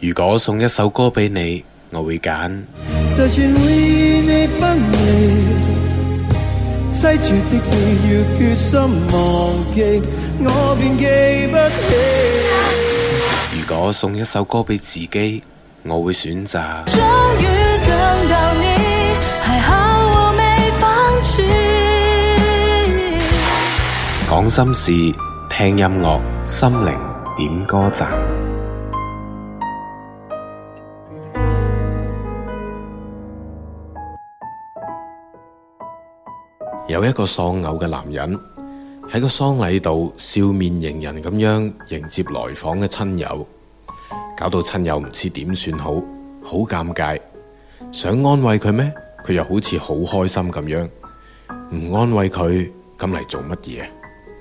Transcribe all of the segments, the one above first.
如果送一首歌俾你，我會揀。就算會與你分離，淒絕的戲要決心忘記，我便記不起。如果我送一首歌俾自己，我會選擇。終於等到你，還好我沒放棄。講心事，聽音樂，心靈點歌站。有一個喪偶嘅男人喺個喪禮度笑面迎人咁樣迎接來訪嘅親友，搞到親友唔知點算好，好好尷尬。想安慰佢咩？佢又好似好開心咁樣，唔安慰佢咁嚟做乜嘢？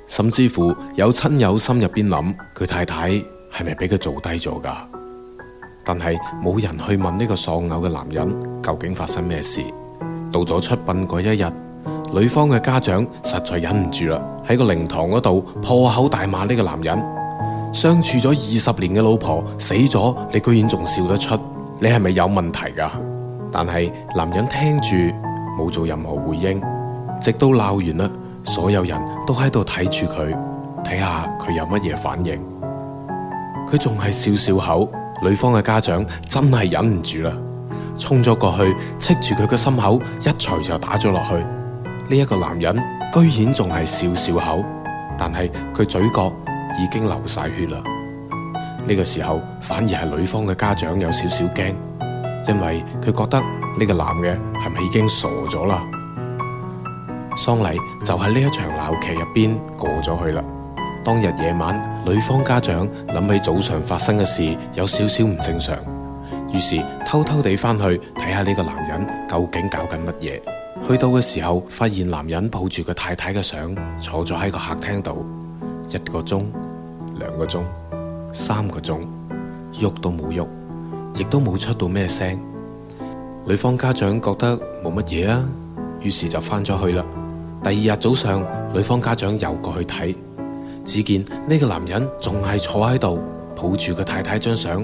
甚至乎有親友心入邊諗佢太太係咪俾佢做低咗噶？但係冇人去問呢個喪偶嘅男人究竟發生咩事。到咗出殯嗰一日。女方嘅家長實在忍唔住啦，喺個靈堂嗰度破口大罵呢個男人。相處咗二十年嘅老婆死咗，你居然仲笑得出，你係咪有問題噶？但係男人聽住冇做任何回應，直到鬧完啦，所有人都喺度睇住佢，睇下佢有乜嘢反應。佢仲係笑笑口，女方嘅家長真係忍唔住啦，衝咗過去，斥住佢嘅心口一錘就打咗落去。呢一個男人居然仲係笑笑口，但係佢嘴角已經流晒血啦。呢個時候反而係女方嘅家長有少少驚，因為佢覺得呢個男嘅係咪已經傻咗啦？喪禮就喺呢一場鬧劇入邊過咗去啦。當日夜晚，女方家長諗起早上發生嘅事有少少唔正常，於是偷偷地翻去睇下呢個男人究竟搞緊乜嘢。去到嘅時候，發現男人抱住個太太嘅相，坐咗喺個客廳度，一個鐘、兩個鐘、三個鐘，喐都冇喐，亦都冇出到咩聲。女方家長覺得冇乜嘢啊，於是就翻咗去啦。第二日早上，女方家長又過去睇，只見呢個男人仲係坐喺度，抱住個太太張相。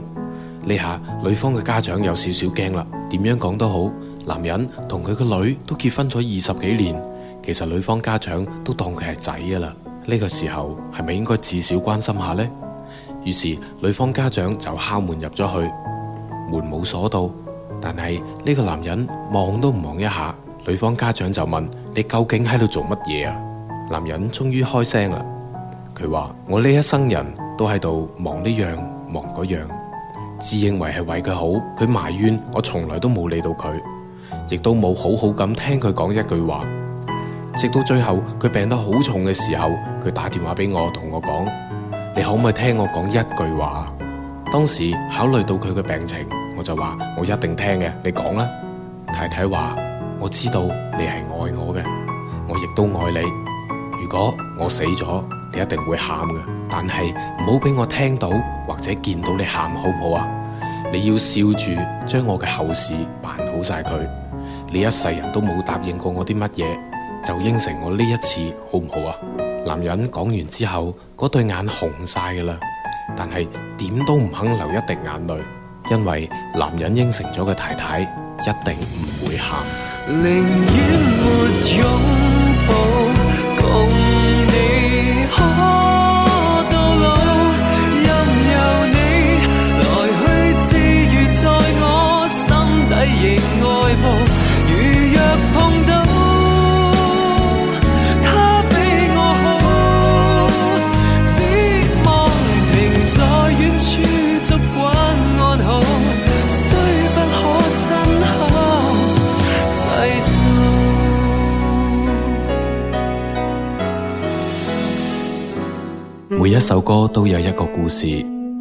呢下女方嘅家長有少少驚啦，點樣講都好。男人同佢個女都結婚咗二十幾年，其實女方家長都當佢係仔㗎啦。呢個時候係咪應該至少關心下呢？於是女方家長就敲門入咗去，門冇鎖到，但係呢個男人望都唔望一下。女方家長就問：你究竟喺度做乜嘢啊？男人終於開聲啦，佢話：我呢一生人都喺度忙呢樣忙嗰樣，自認為係為佢好，佢埋怨我從來都冇理到佢。亦都冇好好咁聽佢講一句話，直到最後佢病得好重嘅時候，佢打電話俾我同我講：你可唔可以聽我講一句話？當時考慮到佢嘅病情，我就話：我一定聽嘅，你講啦。太太話：我知道你係愛我嘅，我亦都愛你。如果我死咗，你一定會喊嘅，但係唔好俾我聽到或者見到你喊，好唔好啊？你要笑住將我嘅後事辦好曬佢。你一世人都冇答應過我啲乜嘢，就應承我呢一次，好唔好啊？男人講完之後，嗰對眼紅晒噶啦，但係點都唔肯流一滴眼淚，因為男人應承咗嘅太太一定唔會喊。寧願冇用每一首歌都有一個故事，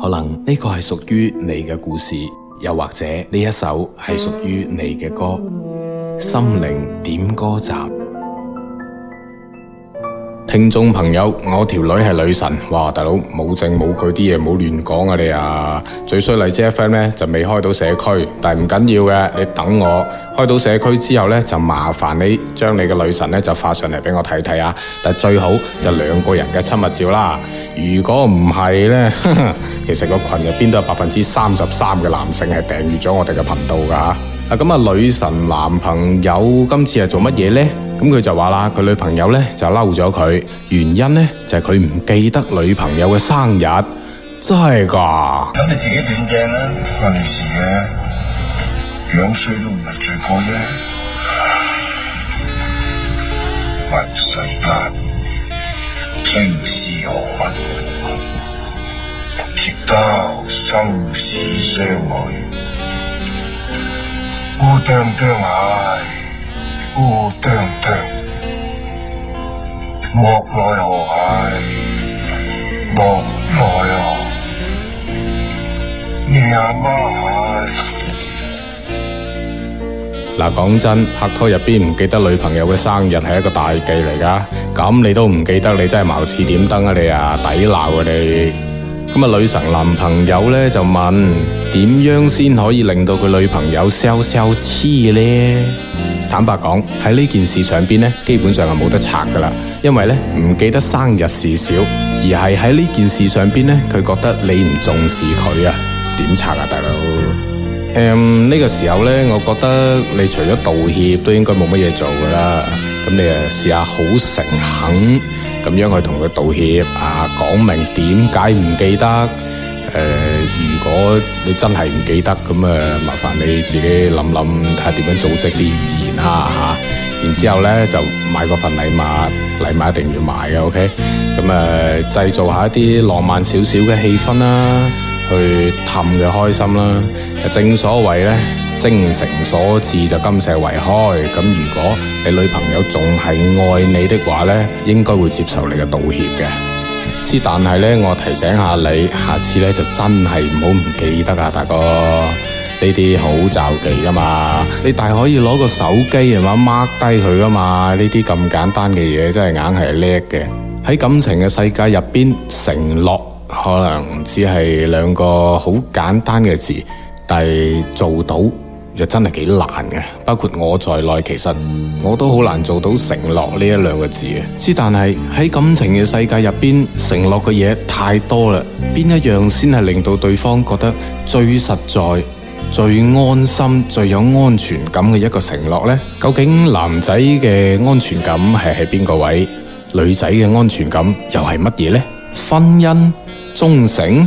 可能呢個係屬於你嘅故事，又或者呢一首係屬於你嘅歌，心靈點歌集。聽眾朋友，我條女係女神，哇，大佬冇證冇據啲嘢，唔好亂講啊你啊！最衰嚟 J F M 呢，就未開到社區，但係唔緊要嘅，你等我開到社區之後咧，就麻煩你將你嘅女神咧就發上嚟俾我睇睇啊！但係最好就兩個人嘅親密照啦，如果唔係咧，其實個群入邊都有百分之三十三嘅男性係訂閱咗我哋嘅頻道噶啊，咁啊，啊，啊，女神男朋友今次係做乜嘢咧？咁佢就話啦，佢女朋友咧就嬲咗佢，原因咧就係佢唔記得女朋友嘅生日，真係噶。咁你自己斷正啦，關你事嘅，樣衰都唔係罪過啫。問世間，情是何物？直教生死相許，烏當當，莫奈何兮，莫奈何，你阿媽啊！嗱，講真，拍拖入邊唔記得女朋友嘅生日係一個大忌嚟㗎，咁你都唔記得，你真係茅廁點燈啊你啊，抵鬧啊你！咁啊女神男朋友呢就問點樣先可以令到佢女朋友笑笑痴呢？坦白講喺呢件事上邊呢，基本上係冇得拆噶啦，因為呢，唔記得生日事少，而係喺呢件事上邊呢，佢覺得你唔重視佢啊，點拆啊大佬？誒，呢個時候呢，我覺得你除咗道歉都應該冇乜嘢做噶啦，咁你啊試下好誠懇。咁樣去同佢道歉啊，講明點解唔記得？呃，如果你真係唔記得，咁誒，麻煩你自己諗諗，睇下點樣組織啲語言啦，啊啊，然之後咧，就買個份禮物，禮物一定要買嘅，OK？咁誒，製造下一啲浪漫少少嘅氣氛啦，啊。去氹佢開心啦！正所謂咧，精誠所至就金石為開。咁如果你女朋友仲係愛你的話咧，應該會接受你嘅道歉嘅。之但係咧，我提醒下你，下次咧就真係唔好唔記得㗎，大哥呢啲好招忌㗎嘛。你大可以攞個手機啊嘛，mark 低佢啊嘛。呢啲咁簡單嘅嘢真係硬係叻嘅。喺感情嘅世界入邊，承諾。可能只係兩個好簡單嘅字，但係做到又真係幾難嘅。包括我在內，其實我都好難做到承諾呢一兩個字嘅。之但係喺感情嘅世界入邊，承諾嘅嘢太多啦。邊一樣先係令到對方覺得最實在、最安心、最有安全感嘅一個承諾呢？究竟男仔嘅安全感係喺邊個位？女仔嘅安全感又係乜嘢呢？婚姻、忠誠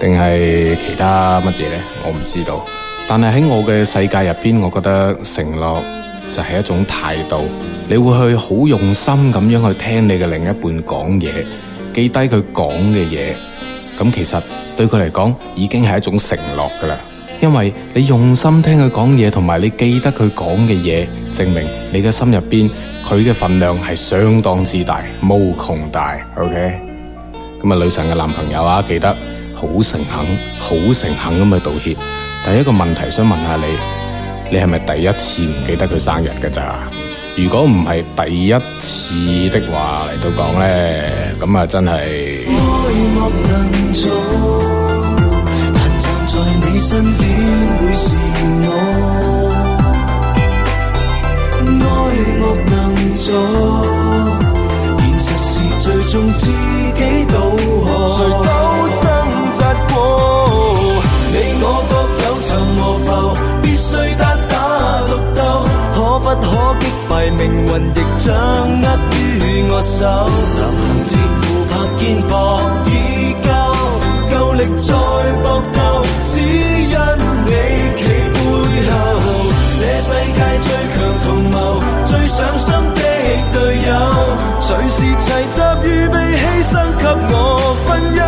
定係其他乜嘢呢？我唔知道。但係喺我嘅世界入邊，我覺得承諾就係一種態度。你會去好用心咁樣去聽你嘅另一半講嘢，記低佢講嘅嘢。咁其實對佢嚟講，已經係一種承諾㗎喇。因為你用心聽佢講嘢，同埋你記得佢講嘅嘢，證明你嘅心入邊佢嘅分量係相當之大，無窮大。OK。女神嘅男朋友啊，記得好誠懇，好誠懇咁去道歉。第一個問題想問下你，你係咪第一次唔記得佢生日嘅咋？如果唔係第一次的話嚟到講呢，咁啊真係。命運亦掌握於我手，臨行前互拍肩膊依舊，夠力再搏鬥，只因你企背後，這世界最強同謀，最上心的隊友，隨時齊集預備犧牲給我分憂。